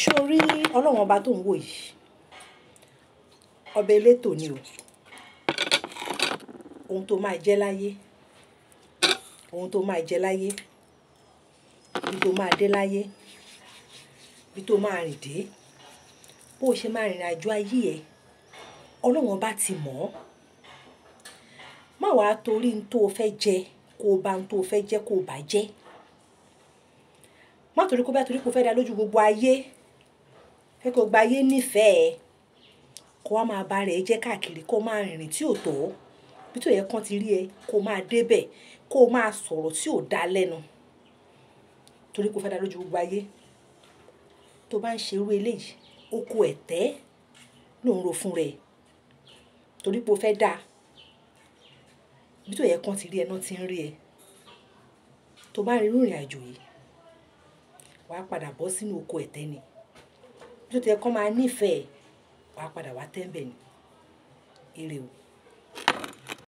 Ṣorí Ọlọ́run ọba tó ń wò yìí, ọba elétò ni o. Ohun tó máa jẹ láyé, ohun tó máa jẹ láyé, ibi tó máa dé láyé, ibi tó máa rìn dé, bó ṣe máa rìnrìn àjò ayé ẹ, Ọlọ́run ọba ti mọ̀ ọ́. Má wàá torí ohun tó fẹ́ jẹ kó ba ohun tó fẹ́ jẹ́ kó bàjẹ́. Má torí pé ó fẹ́ dá lójú gbogbo ayé pé kó gbayé nífẹ̀ẹ́ kó wá máa bá rẹ̀ jẹ́ káàkiri kó máa rìnrìn tí ò tọ́ bí tó yẹ kán ti rí ẹ kó máa débẹ̀ kó máa sọ̀rọ̀ tí ò dá lẹ́nu torí kó fẹ́ dá lójú gbogbo ayé tó bá ń ṣe irú eléyìí oko ẹ̀tẹ́ ló ń ro fún rẹ̀ torí pé o fẹ́ dáa bí tó yẹ kán ti rí ẹ náà ti ń rí ẹ tó bá rí irú ìrìn àjò yìí wàá padà bọ́ sínú oko ẹ̀tẹ́ ni tó ti yẹ kó máa nífẹ̀ẹ́ wàá padà wá tẹ́ńbẹ̀ ni ire o.